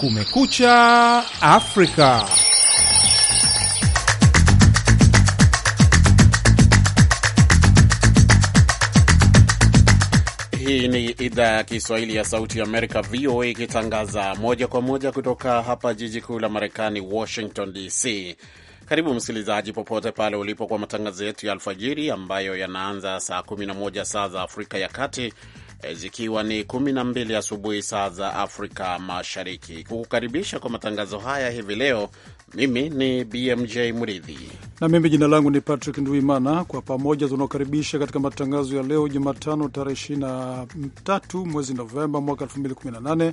Kumekucha Afrika. Hii ni idhaa ya Kiswahili ya Sauti ya Amerika, VOA, ikitangaza moja kwa moja kutoka hapa jiji kuu la Marekani, Washington DC. Karibu msikilizaji, popote pale ulipo kwa matangazo yetu ya alfajiri ambayo yanaanza saa 11 saa za Afrika ya Kati E, zikiwa ni kumi na mbili asubuhi saa za Afrika Mashariki. Kukukaribisha kwa matangazo haya hivi leo, mimi ni BMJ Mridhi na mimi jina langu ni Patrick Nduimana. Kwa pamoja tunaokaribisha katika matangazo ya leo Jumatano tarehe 23 mwezi Novemba mwaka 2018.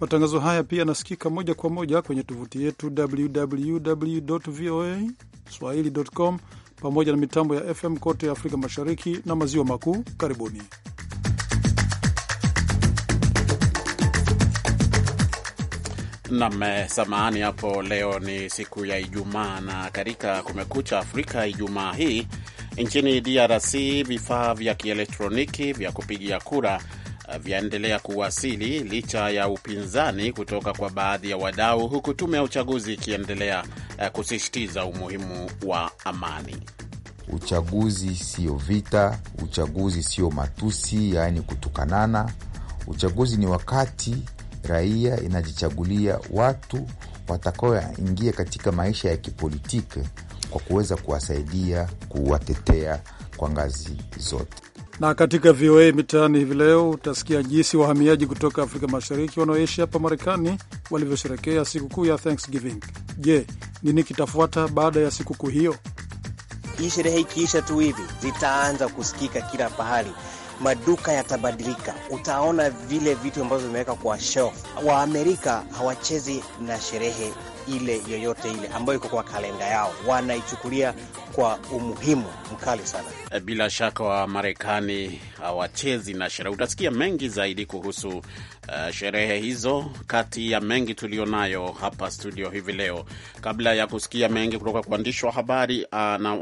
Matangazo haya pia yanasikika moja kwa moja kwenye tovuti yetu www voa swahili.com, pamoja na mitambo ya FM kote Afrika Mashariki na Maziwa Makuu. Karibuni. Nam, eh, samahani hapo. Leo ni siku ya Ijumaa na katika Kumekucha Afrika Ijumaa hii nchini DRC vifaa vya kielektroniki vya kupigia kura eh, vyaendelea kuwasili licha ya upinzani kutoka kwa baadhi ya wadau, huku tume ya uchaguzi ikiendelea eh, kusisitiza umuhimu wa amani. Uchaguzi sio vita, uchaguzi sio matusi, yaani kutukanana. Uchaguzi ni wakati raia inajichagulia watu watakaoingia katika maisha ya kipolitiki kwa kuweza kuwasaidia kuwatetea kwa ngazi zote. Na katika VOA Mitaani hivi leo utasikia jinsi wahamiaji kutoka Afrika Mashariki wanaoishi hapa Marekani walivyosherekea sikukuu ya Thanksgiving. Je, nini kitafuata baada ya sikukuu hiyo? Hii sherehe ikiisha tu hivi zitaanza kusikika kila pahali maduka yatabadilika. Utaona vile vitu ambavyo vimeweka kwa shelf. Waamerika hawachezi na sherehe ile yoyote ile ambayo iko kwa kalenda yao, wanaichukulia kwa umuhimu mkali sana. Eh, bila shaka Wamarekani hawachezi na sherehe. Utasikia mengi zaidi kuhusu uh, sherehe hizo, kati ya mengi tulionayo hapa studio hivi leo. Kabla ya kusikia mengi kutoka kwa waandishi wa habari uh, na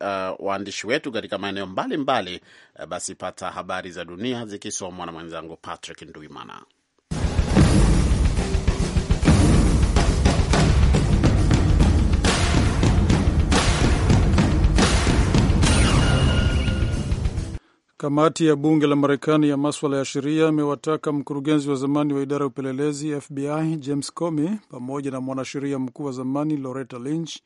ah, waandishi uh, wetu katika maeneo mbalimbali uh, basi pata habari za dunia zikisomwa na mwenzangu Patrick Nduimana. Kamati ya bunge la Marekani ya maswala ya sheria imewataka mkurugenzi wa zamani wa idara ya upelelezi FBI James Comey pamoja na mwanasheria mkuu wa zamani Loretta Lynch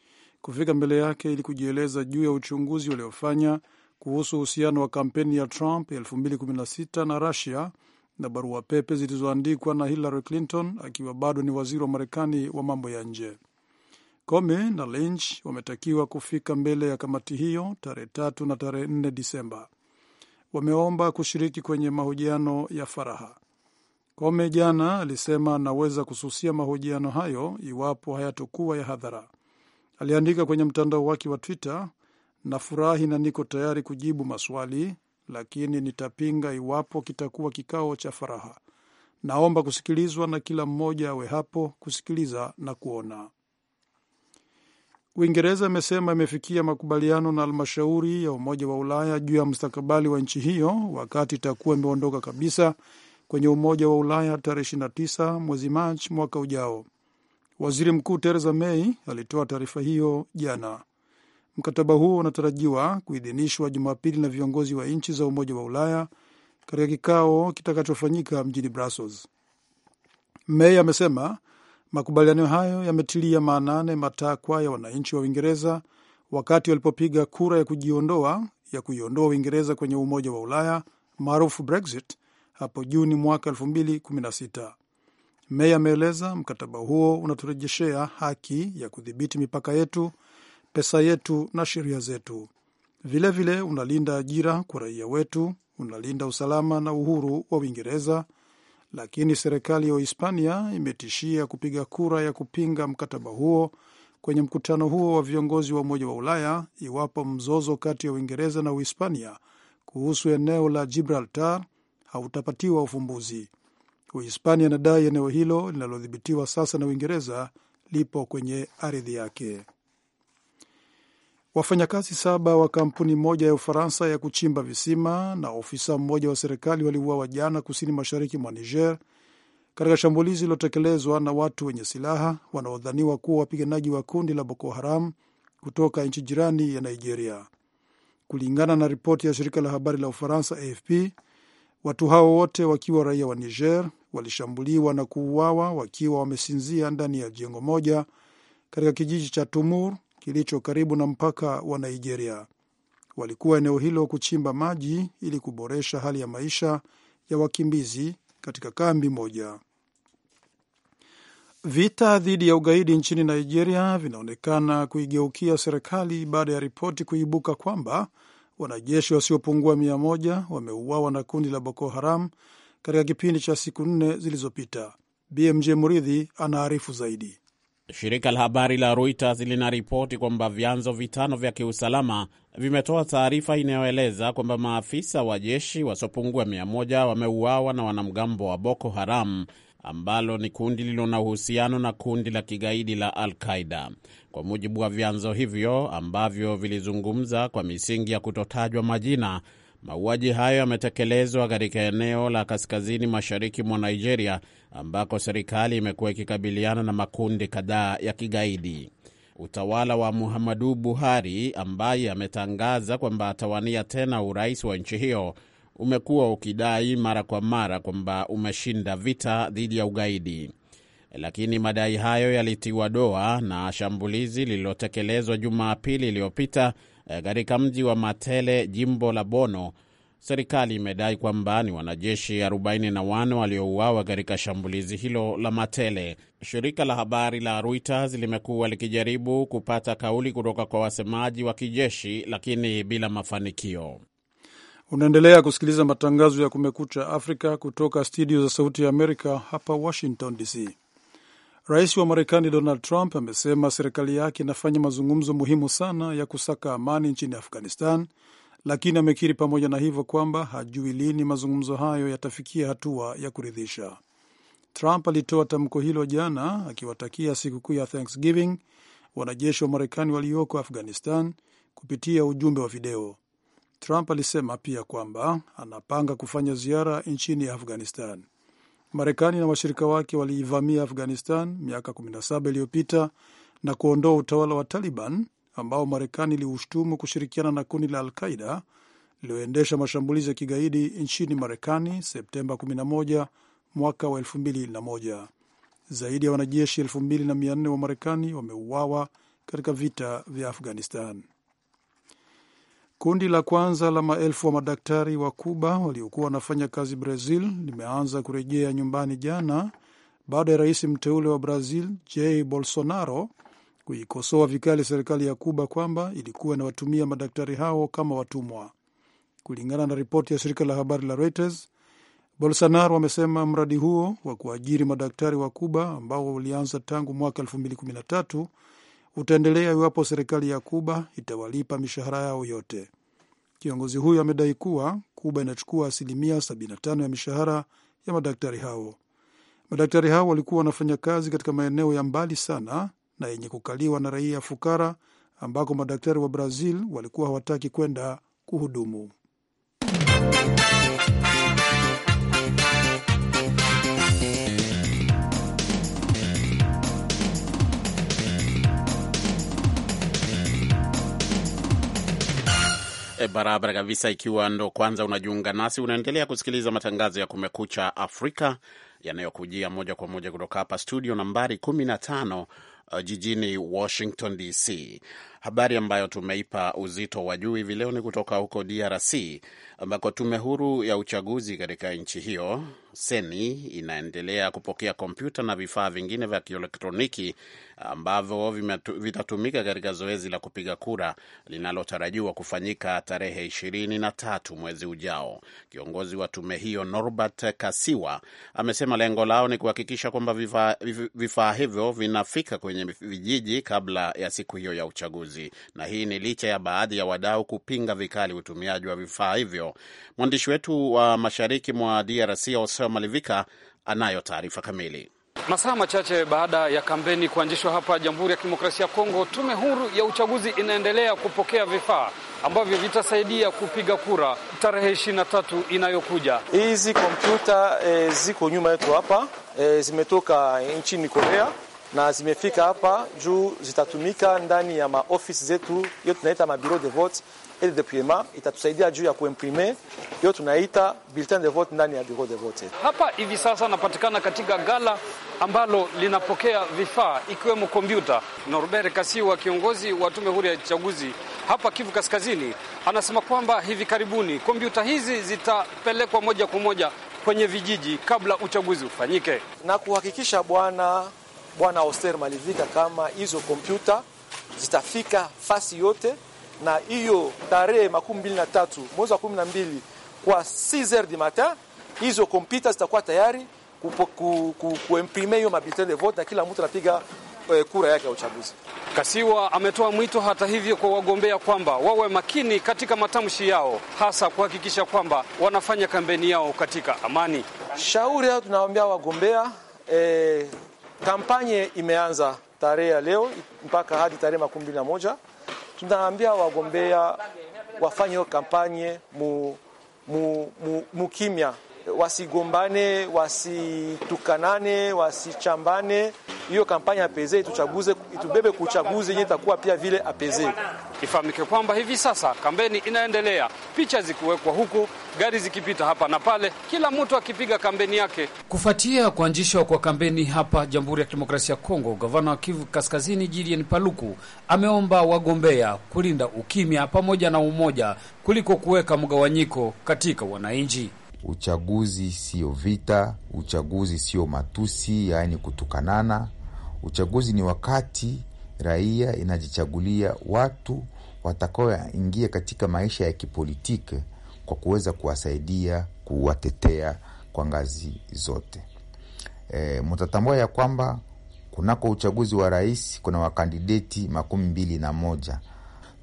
kufika mbele yake ili kujieleza juu ya uchunguzi waliofanya kuhusu uhusiano wa kampeni ya Trump 2016 na Russia na barua pepe zilizoandikwa na Hillary Clinton akiwa bado ni waziri wa Marekani wa mambo ya nje. Comey na Lynch wametakiwa kufika mbele ya kamati hiyo tarehe tatu na tarehe 4 Disemba wameomba kushiriki kwenye mahojiano ya faraha. Kome jana alisema anaweza kususia mahojiano hayo iwapo hayatokuwa ya hadhara. Aliandika kwenye mtandao wake wa Twitter, nafurahi na niko tayari kujibu maswali, lakini nitapinga iwapo kitakuwa kikao cha faraha. Naomba kusikilizwa na kila mmoja awe hapo kusikiliza na kuona. Uingereza imesema imefikia makubaliano na halmashauri ya Umoja wa Ulaya juu ya mustakabali wa nchi hiyo wakati itakuwa imeondoka kabisa kwenye Umoja wa Ulaya tarehe 29 mwezi Machi mwaka ujao. Waziri Mkuu Theresa May alitoa taarifa hiyo jana. Mkataba huo unatarajiwa kuidhinishwa Jumapili na viongozi wa nchi za Umoja wa Ulaya katika kikao kitakachofanyika mjini Brussels. May amesema Makubaliano hayo yametilia maanane matakwa ya wananchi wa Uingereza wakati walipopiga kura ya kujiondoa ya kuiondoa Uingereza kwenye Umoja wa Ulaya maarufu Brexit hapo Juni mwaka 2016. May ameeleza mkataba huo unaturejeshea haki ya kudhibiti mipaka yetu, pesa yetu na sheria zetu. Vilevile vile, unalinda ajira kwa raia wetu, unalinda usalama na uhuru wa Uingereza lakini serikali ya Uhispania imetishia kupiga kura ya kupinga mkataba huo kwenye mkutano huo wa viongozi wa Umoja wa Ulaya iwapo mzozo kati ya Uingereza na Uhispania kuhusu eneo la Gibraltar hautapatiwa ufumbuzi. Uhispania inadai eneo hilo linalodhibitiwa sasa na Uingereza lipo kwenye ardhi yake. Wafanyakazi saba wa kampuni moja ya Ufaransa ya kuchimba visima na ofisa mmoja wa serikali waliuawa jana kusini mashariki mwa Niger katika shambulizi lililotekelezwa na watu wenye silaha wanaodhaniwa kuwa wapiganaji wa kundi la Boko Haram kutoka nchi jirani ya Nigeria. Kulingana na ripoti ya shirika la habari la Ufaransa AFP, watu hao wote wakiwa raia wa Niger walishambuliwa na kuuawa wakiwa wamesinzia ndani ya jengo moja katika kijiji cha Tumur kilicho karibu na mpaka wa Nigeria. Walikuwa eneo hilo kuchimba maji ili kuboresha hali ya maisha ya wakimbizi katika kambi moja. Vita dhidi ya ugaidi nchini Nigeria vinaonekana kuigeukia serikali baada ya ripoti kuibuka kwamba wanajeshi wasiopungua mia moja wameuawa na kundi la Boko Haram katika kipindi cha siku nne zilizopita. BMJ Muridhi anaarifu zaidi. Shirika la habari la Reuters linaripoti kwamba vyanzo vitano vya kiusalama vimetoa taarifa inayoeleza kwamba maafisa wa jeshi wasiopungua mia moja wameuawa na wanamgambo wa Boko Haram ambalo ni kundi lililo na uhusiano na kundi la kigaidi la Al Qaida. Kwa mujibu wa vyanzo hivyo ambavyo vilizungumza kwa misingi ya kutotajwa majina Mauaji hayo yametekelezwa katika eneo la kaskazini mashariki mwa Nigeria ambako serikali imekuwa ikikabiliana na makundi kadhaa ya kigaidi. Utawala wa Muhammadu Buhari ambaye ametangaza kwamba atawania tena urais wa nchi hiyo umekuwa ukidai mara kwa mara kwamba umeshinda vita dhidi ya ugaidi, lakini madai hayo yalitiwa doa na shambulizi lililotekelezwa Jumapili iliyopita Eh, katika mji wa Matele, jimbo la Bono. Serikali imedai kwamba ni wanajeshi 41 waliouawa katika shambulizi hilo la Matele. Shirika la habari la Reuters limekuwa likijaribu kupata kauli kutoka kwa wasemaji wa kijeshi lakini bila mafanikio. Unaendelea kusikiliza matangazo ya Kumekucha Afrika kutoka studio za Sauti ya Amerika hapa Washington DC. Rais wa Marekani Donald Trump amesema serikali yake inafanya mazungumzo muhimu sana ya kusaka amani nchini Afghanistan, lakini amekiri pamoja na hivyo kwamba hajui lini mazungumzo hayo yatafikia hatua ya kuridhisha. Trump alitoa tamko hilo jana akiwatakia sikukuu ya Thanksgiving wanajeshi wa Marekani walioko Afghanistan kupitia ujumbe wa video. Trump alisema pia kwamba anapanga kufanya ziara nchini Afghanistan. Marekani na washirika wake waliivamia Afghanistan miaka 17 iliyopita na kuondoa utawala wa Taliban ambao Marekani iliushtumu kushirikiana na kundi la Alqaida lililoendesha mashambulizi ya kigaidi nchini Marekani Septemba 11 mwaka wa 2001. Zaidi ya wanajeshi 2400 wa Marekani wameuawa katika vita vya Afghanistan. Kundi la kwanza la maelfu wa madaktari wa Kuba waliokuwa wanafanya kazi Brazil limeanza kurejea nyumbani jana baada ya rais mteule wa Brazil Jair Bolsonaro kuikosoa vikali serikali ya Kuba kwamba ilikuwa inawatumia madaktari hao kama watumwa. Kulingana na ripoti ya shirika la habari la Reuters, Bolsonaro amesema mradi huo wa kuajiri madaktari wa Kuba ambao ulianza tangu mwaka 2013 utaendelea iwapo serikali ya Kuba itawalipa mishahara yao yote. Kiongozi huyo amedai kuwa Kuba inachukua asilimia 75 ya mishahara ya madaktari hao. Madaktari hao walikuwa wanafanya kazi katika maeneo ya mbali sana na yenye kukaliwa na raia fukara ambako madaktari wa Brazil walikuwa hawataki kwenda kuhudumu. E, barabara kabisa. Ikiwa ndo kwanza unajiunga nasi, unaendelea kusikiliza matangazo ya Kumekucha Afrika yanayokujia moja kwa moja kutoka hapa studio nambari 15 eh, jijini Washington DC. Habari ambayo tumeipa uzito wa juu hivi leo ni kutoka huko DRC ambako tume huru ya uchaguzi katika nchi hiyo seni inaendelea kupokea kompyuta na vifaa vingine vya kielektroniki ambavyo vitatumika katika zoezi la kupiga kura linalotarajiwa kufanyika tarehe ishirini na tatu mwezi ujao. Kiongozi wa tume hiyo Norbert Kasiwa amesema lengo lao ni kuhakikisha kwamba vifaa hivyo vinafika kwenye vijiji kabla ya siku hiyo ya uchaguzi uchaguzi, na hii ni licha ya baadhi ya wadau kupinga vikali utumiaji wa vifaa hivyo. Mwandishi wetu wa mashariki mwa DRC Oseo Malivika anayo taarifa kamili. Masaa machache baada ya kampeni kuanzishwa hapa Jamhuri ya Kidemokrasia ya Kongo, tume huru ya uchaguzi inaendelea kupokea vifaa ambavyo vitasaidia kupiga kura tarehe 23 tatu inayokuja. Hizi kompyuta e, ziko nyuma yetu hapa e, zimetoka eh, nchini Korea na zimefika hapa juu zitatumika ndani ya maofisi zetu, hiyo tunaita mabiro de vote et de Itatusaidia juu ya kuimprime hiyo tunaita bulletin de vote ndani ya bureau de vote. Hapa hivi sasa napatikana katika gala ambalo linapokea vifaa ikiwemo kompyuta. Norbert Kasiwa, kiongozi wa tume huru ya uchaguzi hapa Kivu Kaskazini, anasema kwamba hivi karibuni kompyuta hizi zitapelekwa moja kwa moja kwenye vijiji kabla uchaguzi ufanyike na kuhakikisha bwana Bwana oster Malivika kama hizo kompyuta zitafika fasi yote, na hiyo tarehe makumi mbili na tatu mwezi wa kumi na mbili kwa 6h du matin hizo kompyuta zitakuwa tayari kuimprime hiyo mabulletin de vote na kila mtu anapiga eh, kura yake ya uchaguzi. Kasiwa ametoa mwito hata hivyo kwa wagombea kwamba wawe makini katika matamshi yao, hasa kuhakikisha kwamba wanafanya kampeni yao katika amani. Shauri ao tunawaambia wagombea e, Kampanye imeanza tarehe ya leo mpaka hadi tarehe makumi mbili na moja. Tunaambia wagombea wafanye hiyo kampanye mu, mu, mu, mukimya, wasigombane, wasitukanane, wasichambane hiyo kampanya apeze ituchaguze itubebe kuchaguzi yenye itakuwa pia vile apeze. Ifahamike kwamba hivi sasa kampeni inaendelea, picha zikiwekwa huku, gari zikipita hapa na pale, kila mtu akipiga kampeni yake. Kufuatia kuanzishwa kwa kampeni hapa Jamhuri ya Kidemokrasia ya Kongo, gavana wa Kivu Kaskazini Julien Paluku ameomba wagombea kulinda ukimya pamoja na umoja kuliko kuweka mgawanyiko katika wananchi. Uchaguzi sio vita, uchaguzi sio matusi, yaani kutukanana. Uchaguzi ni wakati raia inajichagulia watu watakaoingia katika maisha ya kipolitiki kwa kuweza kuwasaidia kuwatetea kwa ngazi zote. E, mutatambua ya kwamba kunako uchaguzi wa rais kuna wakandideti makumi mbili na moja.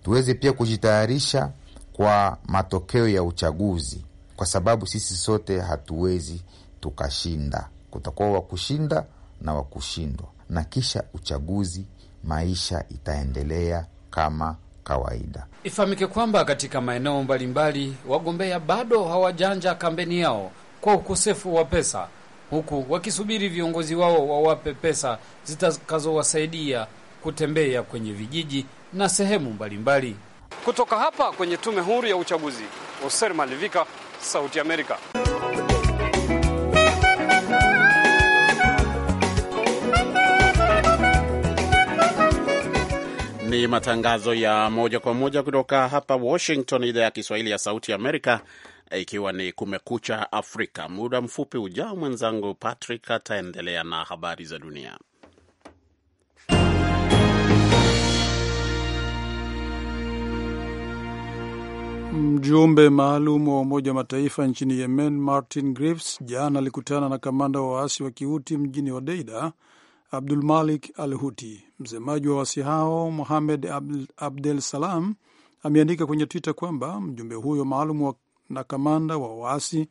Tuweze pia kujitayarisha kwa matokeo ya uchaguzi, kwa sababu sisi sote hatuwezi tukashinda, kutakuwa wa kushinda na wa kushindwa, na kisha uchaguzi, maisha itaendelea kama kawaida. Ifahamike kwamba katika maeneo mbalimbali wagombea bado hawajanja kampeni yao kwa ukosefu wa pesa, huku wakisubiri viongozi wao wawape pesa zitakazowasaidia kutembea kwenye vijiji na sehemu mbalimbali. Kutoka hapa kwenye Tume Huru ya Uchaguzi, Oser Malivika, Sauti Amerika. Ni matangazo ya moja kwa moja kutoka hapa Washington, idhaa ya Kiswahili ya Sauti ya Amerika, ikiwa ni Kumekucha Afrika. Muda mfupi ujao, mwenzangu Patrick ataendelea na habari za dunia. Mjumbe maalum wa Umoja wa Mataifa nchini Yemen, Martin Griffiths, jana alikutana na kamanda wa waasi wa Kihuti mjini Hodeida Abdulmalik al Huti. Msemaji wa wasi hao muhamed Abdel Salam ameandika kwenye Twitter kwamba mjumbe huyo maalum na kamanda wa waasi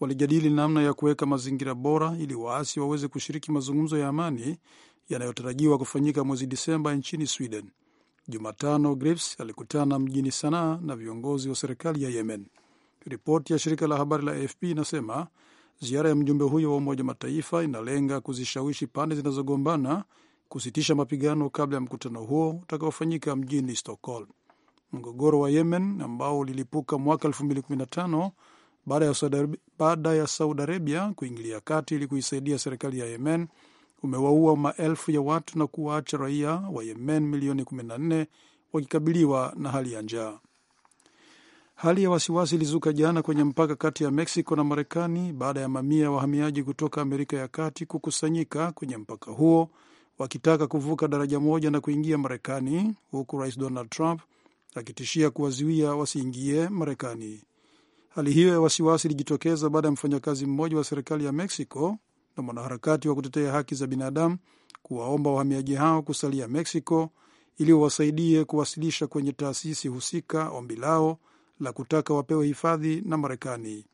walijadili namna ya kuweka mazingira bora ili waasi waweze kushiriki mazungumzo ya amani yanayotarajiwa kufanyika mwezi Disemba nchini Sweden. Jumatano, Grips alikutana mjini Sanaa na viongozi wa serikali ya Yemen. Ripoti ya shirika la habari la AFP inasema Ziara ya mjumbe huyo wa Umoja Mataifa inalenga kuzishawishi pande zinazogombana kusitisha mapigano kabla ya mkutano huo utakaofanyika mjini Stockholm. Mgogoro wa Yemen ambao ulilipuka mwaka 2015 baada ya Saudi Arabia kuingilia kati ili kuisaidia serikali ya Yemen umewaua maelfu ya watu na kuwaacha raia wa Yemen milioni 14 wakikabiliwa na hali ya njaa. Hali ya wasiwasi ilizuka jana kwenye mpaka kati ya Mexico na Marekani baada ya mamia ya wahamiaji kutoka Amerika ya Kati kukusanyika kwenye mpaka huo wakitaka kuvuka daraja moja na kuingia Marekani, huku Rais Donald Trump akitishia kuwazuia wasiingie Marekani. Hali hiyo ya wasiwasi ilijitokeza baada ya mfanyakazi mmoja wa serikali ya Mexico na mwanaharakati wa kutetea haki za binadamu kuwaomba wahamiaji hao kusalia Mexico ili wawasaidie kuwasilisha kwenye taasisi husika ombi lao la kutaka wapewe hifadhi na Marekani.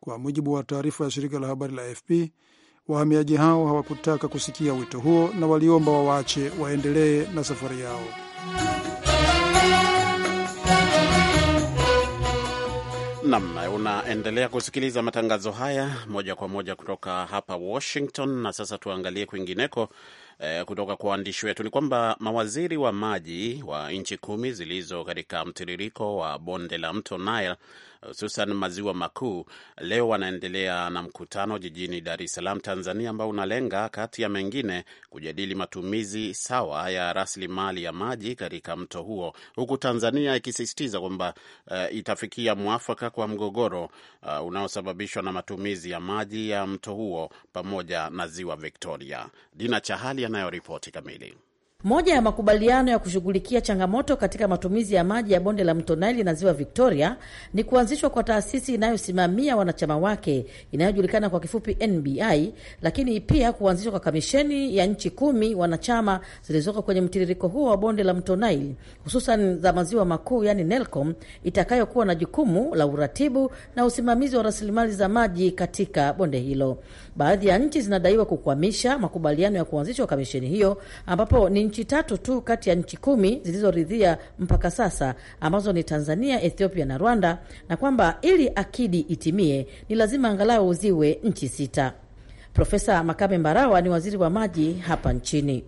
Kwa mujibu wa taarifa ya shirika la habari la AFP, wahamiaji hao hawakutaka kusikia wito huo na waliomba wawache waendelee na safari yao. Nam, unaendelea kusikiliza matangazo haya moja kwa moja kutoka hapa Washington. Na sasa tuangalie kwingineko eh, kutoka kwa waandishi wetu ni kwamba mawaziri wa maji wa nchi kumi zilizo katika mtiririko wa bonde la mto Nile hususan maziwa makuu, leo wanaendelea na mkutano jijini Dar es Salaam, Tanzania, ambao unalenga kati ya mengine kujadili matumizi sawa ya rasilimali ya maji katika mto huo, huku Tanzania ikisisitiza kwamba uh, itafikia mwafaka kwa mgogoro uh, unaosababishwa na matumizi ya maji ya mto huo pamoja na ziwa Victoria. Dina Chahali anayoripoti kamili. Moja ya makubaliano ya kushughulikia changamoto katika matumizi ya maji ya bonde la mto Naili na ziwa Victoria ni kuanzishwa kwa taasisi inayosimamia wanachama wake inayojulikana kwa kifupi NBI, lakini pia kuanzishwa kwa kamisheni ya nchi kumi wanachama zilizoko kwenye mtiririko huo wa bonde la mto Naili, hususan za maziwa makuu, yani NELCOM, itakayokuwa na jukumu la uratibu na usimamizi wa rasilimali za maji katika bonde hilo. Baadhi ya nchi zinadaiwa kukwamisha makubaliano ya kuanzishwa kamisheni hiyo ambapo ni nchi tatu tu kati ya nchi kumi zilizoridhia mpaka sasa ambazo ni Tanzania, Ethiopia na Rwanda, na kwamba ili akidi itimie ni lazima angalau ziwe nchi sita. Profesa Makame Mbarawa ni waziri wa maji hapa nchini.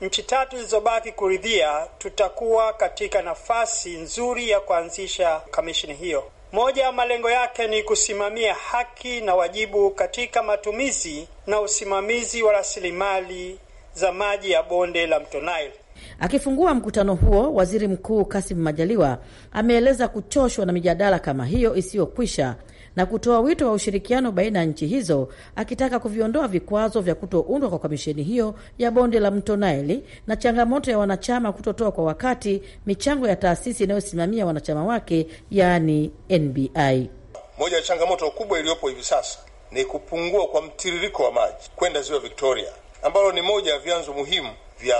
Nchi tatu zilizobaki kuridhia, tutakuwa katika nafasi nzuri ya kuanzisha kamishini hiyo. Moja ya malengo yake ni kusimamia haki na wajibu katika matumizi na usimamizi wa rasilimali za maji ya bonde la mto Nile. Akifungua mkutano huo, waziri mkuu Kasim Majaliwa ameeleza kuchoshwa na mijadala kama hiyo isiyokwisha na kutoa wito wa ushirikiano baina ya nchi hizo, akitaka kuviondoa vikwazo vya kutoundwa kwa kamisheni hiyo ya bonde la mto Naili na changamoto ya wanachama kutotoa kwa wakati michango ya taasisi inayosimamia wanachama wake, yaani NBI. Moja ya changamoto kubwa iliyopo hivi sasa ni kupungua kwa mtiririko wa maji kwenda ziwa Victoria ambalo ni moja ya vyanzo muhimu vya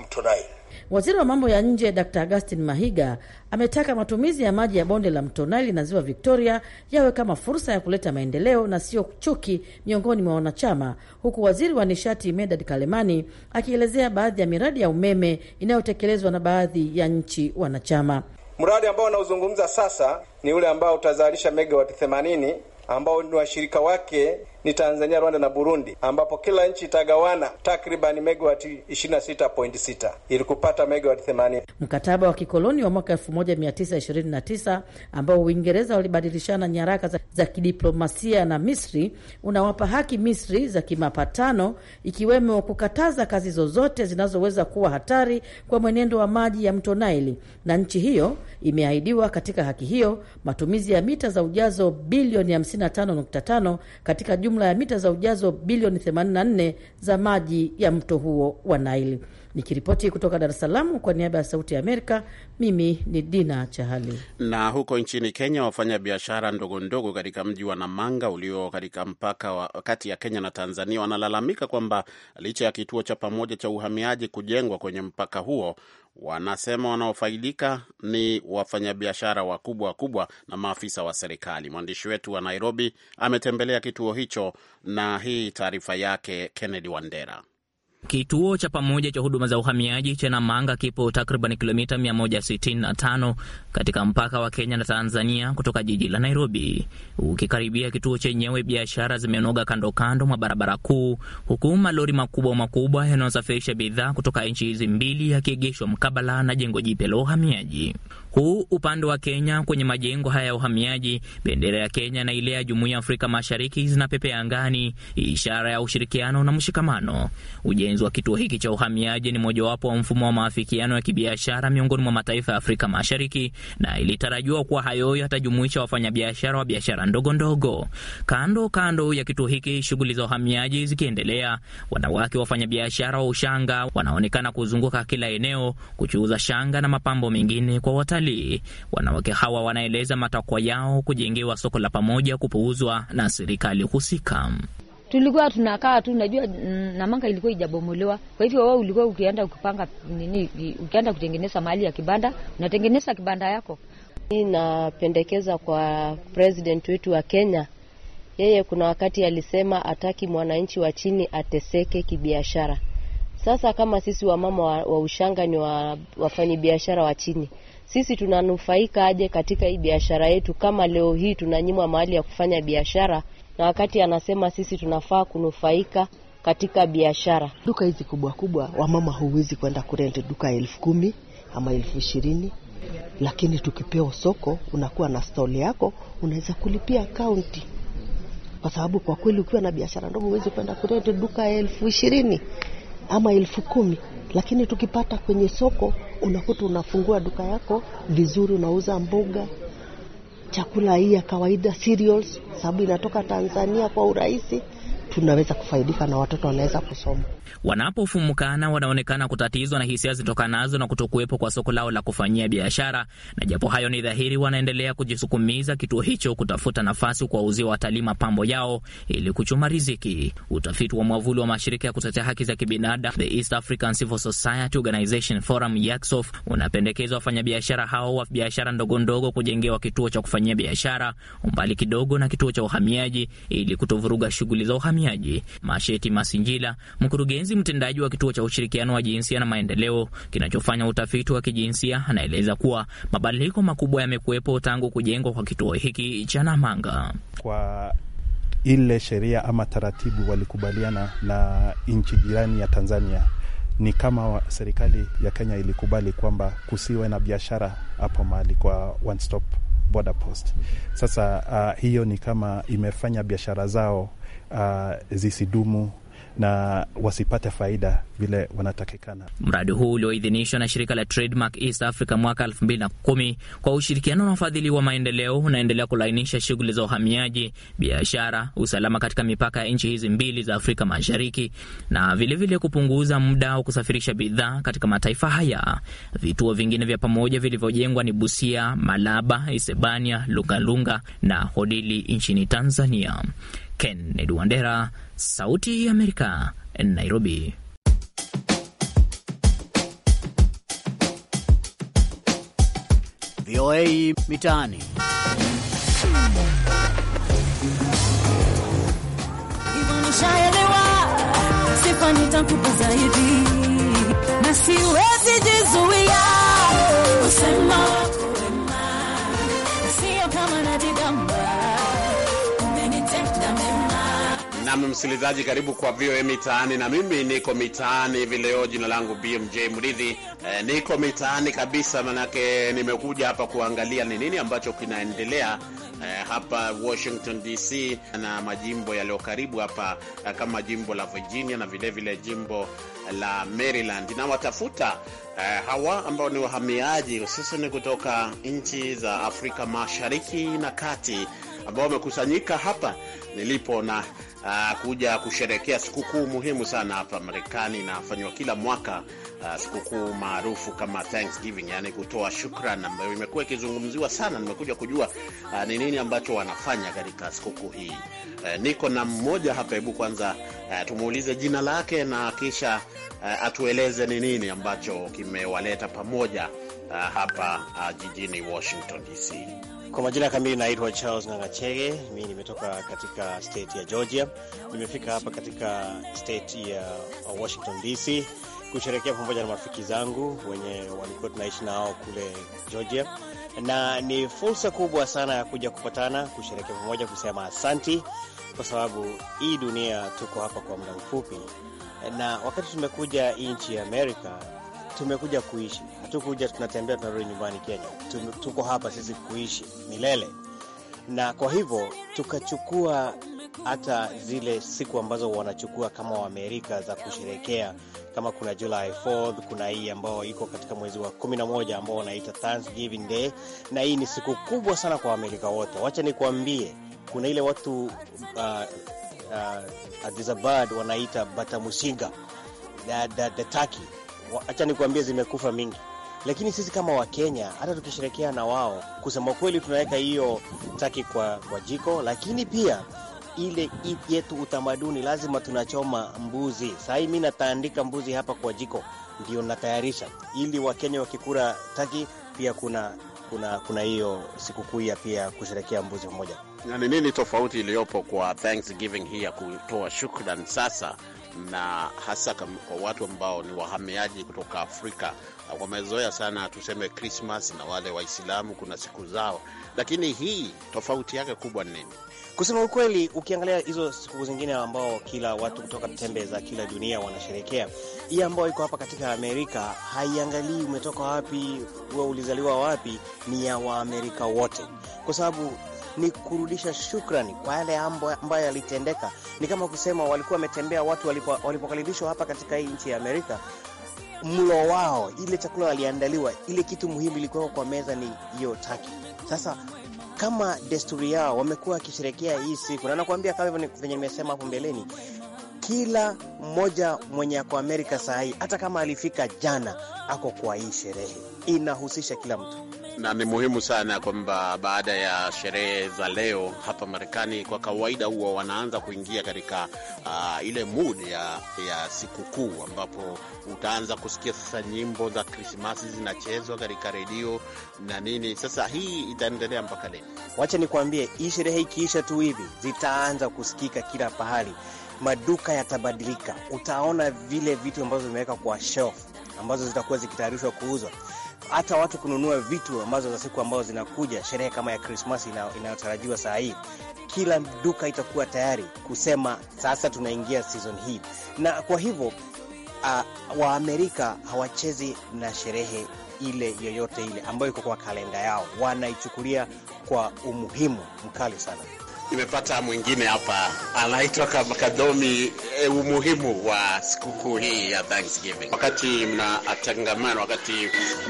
mto Nile. Waziri wa mambo ya nje Dr Augustin Mahiga ametaka matumizi ya maji ya bonde la mto Nile na ziwa Victoria yawe kama fursa ya kuleta maendeleo na sio chuki miongoni mwa wanachama, huku waziri wa nishati Medad Kalemani akielezea baadhi ya miradi ya umeme inayotekelezwa na baadhi ya nchi wanachama. Mradi ambao anaozungumza sasa ni ule ambao utazalisha megawati 80 ambao ni washirika wake ni Tanzania, Rwanda na Burundi, ambapo kila nchi itagawana takriban megawati 26.6 ili kupata megawati 80. Mkataba wa kikoloni wa mwaka 1929 ambao Uingereza walibadilishana nyaraka za, za kidiplomasia na Misri unawapa haki Misri za kimapatano ikiwemo kukataza kazi zozote zinazoweza kuwa hatari kwa mwenendo wa maji ya mto Naili, na nchi hiyo imeahidiwa katika haki hiyo matumizi ya mita za ujazo bilioni 55.5 katika jumla jumla ya mita za ujazo bilioni 84 za maji ya mto huo wa Naili. Nikiripoti kutoka Dar es Salaam kwa niaba ya Sauti ya Amerika, mimi ni Dina Chahali. Na huko nchini Kenya, wafanya biashara ndogo ndogo katika mji wa Namanga ulio katika mpaka wa kati ya Kenya na Tanzania wanalalamika kwamba licha ya kituo cha pamoja cha uhamiaji kujengwa kwenye mpaka huo, wanasema wanaofaidika ni wafanyabiashara wakubwa wakubwa na maafisa wa serikali. Mwandishi wetu wa Nairobi ametembelea kituo hicho, na hii taarifa yake Kennedy Wandera. Kituo cha pamoja cha huduma za uhamiaji cha Namanga kipo takriban kilomita 165 katika mpaka wa Kenya na Tanzania kutoka jiji la Nairobi. Ukikaribia kituo chenyewe, biashara zimenoga kando kando mwa barabara kuu, huku malori makubwa makubwa yanayosafirisha bidhaa kutoka nchi hizi mbili yakiegeshwa mkabala na jengo jipya la uhamiaji huu upande wa Kenya, kwenye majengo haya ya uhamiaji, bendera ya Kenya na ile ya Jumuiya ya Afrika Mashariki zinapepea angani, ishara ya ushirikiano na mshikamano. Ujenzi wa kituo hiki cha uhamiaji ni mojawapo wa mfumo wa maafikiano ya kibiashara miongoni mwa mataifa ya Afrika Mashariki, na ilitarajiwa kuwa hayo yatajumuisha wafanyabiashara wa biashara ndogo ndogo. Kando kando ya kituo hiki, shughuli za uhamiaji zikiendelea, wanawake wafanyabiashara wa ushanga wanaonekana kuzunguka kila eneo kuchuuza shanga na mapambo mengine kwa watalii utalii. Wanawake hawa wanaeleza matakwa yao kujengewa soko la pamoja kupuuzwa na serikali husika. Tulikuwa tunakaa tu, najua mm, Namanga ilikuwa ijabomolewa. Kwa hivyo wao ulikuwa ukienda ukipanga nini, ukienda kutengeneza mahali ya kibanda, unatengeneza kibanda yako. Napendekeza kwa president wetu wa Kenya, yeye kuna wakati alisema ataki mwananchi wa chini ateseke kibiashara. Sasa kama sisi wamama wa, wa ushanga ni wa, wafanyabiashara wa chini, sisi tunanufaika aje katika hii biashara yetu, kama leo hii tunanyimwa mahali ya kufanya biashara, na wakati anasema sisi tunafaa kunufaika katika biashara. Duka hizi kubwa kubwa, wamama huwezi kwenda kurenti duka elfu kumi ama elfu ishirini lakini tukipewa soko, unakuwa na stoli yako, unaweza kulipia akaunti kwa sababu kwa kweli ukiwa na biashara ndogo huwezi kwenda kurente duka ya elfu ishirini ama elfu kumi lakini tukipata kwenye soko unakuta unafungua duka yako vizuri, unauza mboga, chakula hii ya kawaida cereals, sababu inatoka Tanzania kwa urahisi, tunaweza kufaidika na watoto wanaweza kusoma. Wanapofumukana wanaonekana kutatizwa na hisia zitokanazo na kutokuwepo kwa soko lao la kufanyia biashara, na japo hayo ni dhahiri, wanaendelea kujisukumiza kituo hicho kutafuta nafasi uzio watalii mapambo yao ili kuchuma riziki. Utafiti wa mwavuli wa mashirika ya kutetea haki za kibinadamu The East African Civil Society Organization Forum YACSOF unapendekeza wafanyabiashara hao wa biashara ndogondogo kujengewa kituo cha kufanyia biashara umbali kidogo na kituo cha uhamiaji ili kutovuruga shughuli za uhamiaji. Masheti Masinjila, mkurugenzi Mkurugenzi mtendaji wa kituo cha ushirikiano wa jinsia na maendeleo kinachofanya utafiti wa kijinsia anaeleza kuwa mabadiliko makubwa yamekuwepo tangu kujengwa kwa kituo hiki cha Namanga. Kwa ile sheria ama taratibu walikubaliana na nchi jirani ya Tanzania, ni kama serikali ya Kenya ilikubali kwamba kusiwe na biashara hapo mahali kwa one stop border post. Sasa uh, hiyo ni kama imefanya biashara zao uh, zisidumu na wasipate faida vile wanatakikana. Mradi huu ulioidhinishwa na shirika la Trademark East Africa mwaka elfu kumi kwa ushirikiano na wafadhili wa maendeleo unaendelea kulainisha shughuli za uhamiaji, biashara, usalama katika mipaka ya nchi hizi mbili za Afrika Mashariki na vilevile vile kupunguza muda wa kusafirisha bidhaa katika mataifa haya. Vituo vingine vya pamoja vilivyojengwa ni Busia, Malaba, Isebania, Lungalunga na Hodili nchini Tanzania. Kennedy Wandera, Sauti ya Amerika, Nairobi. VOA Mitaani. Nitakupa zaidi na siwezi jizuia kusema Nam msikilizaji, karibu kwa VOA Mitaani na mimi niko mitaani hivi leo. Jina langu BMJ Mridhi. E, niko mitaani kabisa, manake nimekuja hapa kuangalia ni nini ambacho kinaendelea e, hapa Washington DC na majimbo yaliyo karibu hapa eh, kama jimbo la Virginia na vilevile vile jimbo la Maryland, na watafuta e, hawa ambao ni wahamiaji hususani kutoka nchi za Afrika Mashariki na Kati ambao wamekusanyika hapa nilipo na uh, kuja kusherekea sikukuu muhimu sana hapa Marekani. Inafanywa kila mwaka uh, sikukuu maarufu kama Thanksgiving, yani kutoa shukran, ambayo imekuwa ikizungumziwa sana. Nimekuja kujua ah, ni uh, nini ambacho wanafanya katika sikukuu hii. Uh, niko na mmoja hapa, hebu kwanza uh, tumuulize jina lake na kisha uh, atueleze ni nini ambacho kimewaleta pamoja uh, hapa uh, jijini Washington DC. Kwa majina kamili naitwa Charles Nangachege. Mi nimetoka katika state ya Georgia, nimefika hapa katika state ya Washington DC kusherekea pamoja na marafiki zangu wenye walikuwa tunaishi nao kule Georgia, na ni fursa kubwa sana ya kuja kupatana, kusherekea pamoja, kusema asanti, kwa sababu hii dunia tuko hapa kwa muda mfupi, na wakati tumekuja nchi ya Amerika tumekuja kuishi, hatukuja tunatembea tunarudi nyumbani Kenya. tuko hapa sisi kuishi milele, na kwa hivyo tukachukua hata zile siku ambazo wanachukua kama Waamerika za kusherekea, kama kuna July 4 kuna hii ambayo iko katika mwezi wa 11 ambao wanaita Thanksgiving Day, na hii ni siku kubwa sana kwa Waamerika wote. Wacha nikuambie, kuna ile watu uh, uh, Adisabad wanaita Batamusinga the, the, the turkey acha nikuambie, zimekufa mingi. Lakini sisi kama Wakenya, hata tukisherekea na wao, kusema kweli, tunaweka hiyo taki kwa, kwa jiko, lakini pia ile yetu utamaduni, lazima tunachoma mbuzi. Saa hii mi nataandika mbuzi hapa kwa jiko, ndio natayarisha ili Wakenya wakikura taki pia kuna kuna kuna hiyo sikukuu ya pia kusherekea mbuzi mmoja. Na ni nini tofauti iliyopo kwa Thanksgiving hii ya kutoa shukran sasa na hasa kwa watu ambao ni wahamiaji kutoka Afrika wamezoea sana tuseme Krismas na wale Waislamu kuna siku zao, lakini hii tofauti yake kubwa ni nini? Kusema ukweli, ukiangalia hizo siku zingine ambao kila watu kutoka tembe za kila dunia wanasherekea, hii ambayo iko hapa katika Amerika haiangalii umetoka wapi, wewe ulizaliwa wapi, ni ya Waamerika wote, kwa sababu ni kurudisha shukrani kwa yale ambayo yalitendeka. Ni kama kusema walikuwa wametembea watu walipokaribishwa hapa katika hii nchi ya Amerika mlo wao, ile chakula waliandaliwa, ile kitu muhimu ilikuwa kwa meza ni hiyo taki. Sasa kama desturi yao wamekuwa wakisherekea hii siku, na nakuambia kama hivyo venye nimesema hapo mbeleni, kila mmoja mwenye ako Amerika saa hii, hata kama alifika jana, ako kwa hii sherehe, inahusisha kila mtu na ni muhimu sana kwamba baada ya sherehe za leo hapa Marekani, kwa kawaida huwa wanaanza kuingia katika uh, ile mood ya, ya sikukuu ambapo utaanza kusikia sasa nyimbo za Krismasi zinachezwa katika redio na nini. Sasa hii itaendelea mpaka lini? Wacha kuambie hii sherehe ikiisha tu hivi zitaanza kusikika kila pahali, maduka yatabadilika, utaona vile vitu ambavyo vimeweka kwa shelf ambazo zitakuwa zikitayarishwa kuuzwa hata watu kununua vitu ambazo za siku ambazo zinakuja, sherehe kama ya Krismasi inayotarajiwa saa hii, kila duka itakuwa tayari kusema sasa tunaingia season hii, na kwa hivyo uh, Waamerika hawachezi na sherehe ile yoyote ile ambayo iko kwa kalenda yao, wanaichukulia kwa umuhimu mkali sana. Nimepata mwingine hapa anaitwa Kadomi. E, umuhimu wa sikukuu hii ya Thanksgiving, wakati mnatangamana, wakati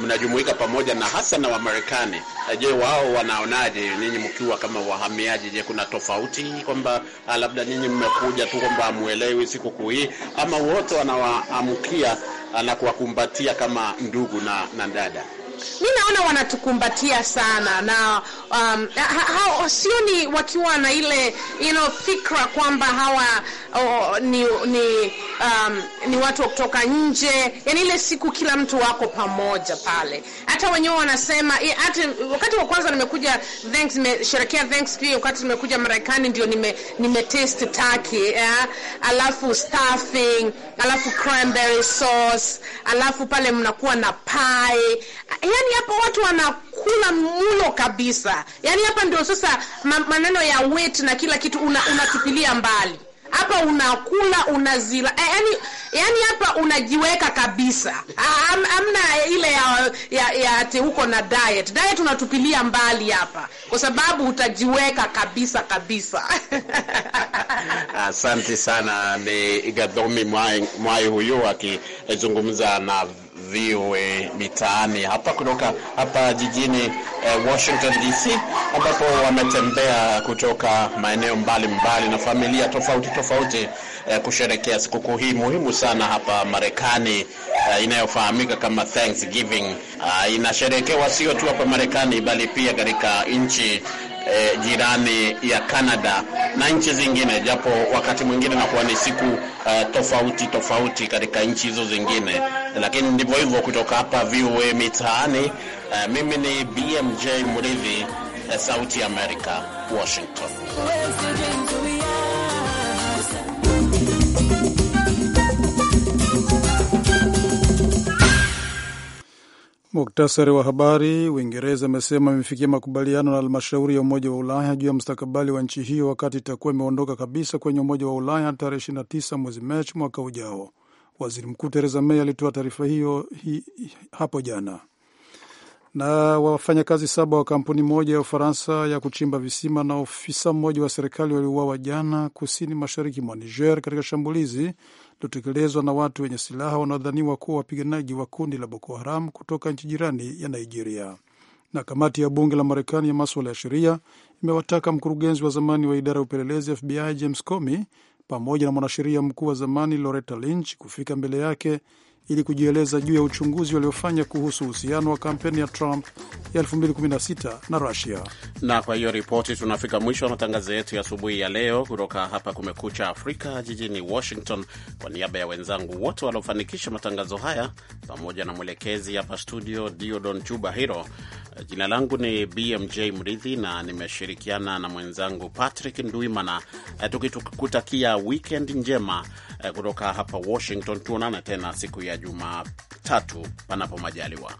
mnajumuika pamoja na hasa na Wamarekani, e, je, wao wanaonaje ninyi mkiwa kama wahamiaji? Je, kuna tofauti kwamba labda ninyi mmekuja tu kwamba hamuelewi sikukuu hii, ama wote wanawaamkia na kuwakumbatia kama ndugu na, na dada? mi naona wanatukumbatia sana na um, hao sioni wakiwa na ile you know, fikra kwamba hawa oh, ni ni, um, ni watu wa kutoka nje. Yani ile siku kila mtu wako pamoja pale, hata wenyewe wanasema hata wakati wa kwanza nimekuja thanks, nimesherekea wakati nimekuja Marekani ndio nime, nime taste yeah? alafu stuffing alafu cranberry sauce alafu pale mnakuwa na pie yani hapo watu wanakula mulo kabisa. Yani hapa ndio sasa maneno ya wet na kila kitu unatupilia una mbali hapa unakula unazila eh, yani, yani hapa unajiweka kabisa. Am, amna ile ya, ya, ya ati huko na diet diet unatupilia mbali hapa, kwa sababu utajiweka kabisa kabisa. Asante sana, ni Gadomi Mwai, Mwai huyu akizungumza eh, na VOA Mitaani hapa kutoka hapa jijini eh, Washington DC, ambapo wametembea kutoka maeneo mbalimbali mbali na familia tofauti tofauti eh, kusherekea sikukuu hii muhimu sana hapa Marekani eh, inayofahamika kama Thanksgiving. Ah, inasherekewa sio tu hapa Marekani bali pia katika nchi eh, jirani ya Canada na nchi zingine, japo wakati mwingine nakuwa ni siku uh, tofauti tofauti katika nchi hizo zingine, lakini ndivyo hivyo. Kutoka hapa VOA Mitaani, uh, mimi ni BMJ Mridhi, uh, Sauti ya Amerika, Washington. Muktasari wa habari. Uingereza imesema imefikia makubaliano na halmashauri ya Umoja wa Ulaya juu ya mustakabali wa nchi hiyo wakati itakuwa imeondoka kabisa kwenye Umoja wa Ulaya tarehe 29 mwezi Machi mwaka ujao. Waziri Mkuu Theresa May alitoa taarifa hiyo hi, hapo jana. Na wafanyakazi saba wa kampuni moja ya Ufaransa ya kuchimba visima na ofisa mmoja wa serikali waliuawa jana kusini mashariki mwa Niger katika shambulizi lililotekelezwa na watu wenye silaha wanaodhaniwa kuwa wapiganaji wa kundi la Boko Haram kutoka nchi jirani ya Nigeria. Na kamati ya bunge la Marekani ya maswala ya sheria imewataka mkurugenzi wa zamani wa idara ya upelelezi FBI James Comey pamoja na mwanasheria mkuu wa zamani Loretta Lynch kufika mbele yake ili kujieleza juu ya uchunguzi waliofanya kuhusu uhusiano wa kampeni ya Trump ya 2016 na Rusia. Na kwa hiyo ripoti, tunafika mwisho wa matangazo yetu ya asubuhi ya leo kutoka hapa Kumekucha Afrika jijini Washington. Kwa niaba ya wenzangu wote waliofanikisha matangazo haya pamoja na mwelekezi hapa studio Diodon Chuba Hiro, jina langu ni BMJ Mridhi na nimeshirikiana na mwenzangu Patrick Nduimana, tukikutakia wikendi njema eh, kutoka hapa Washington. Tuonane tena siku ya ya Jumatatu, panapo majaliwa.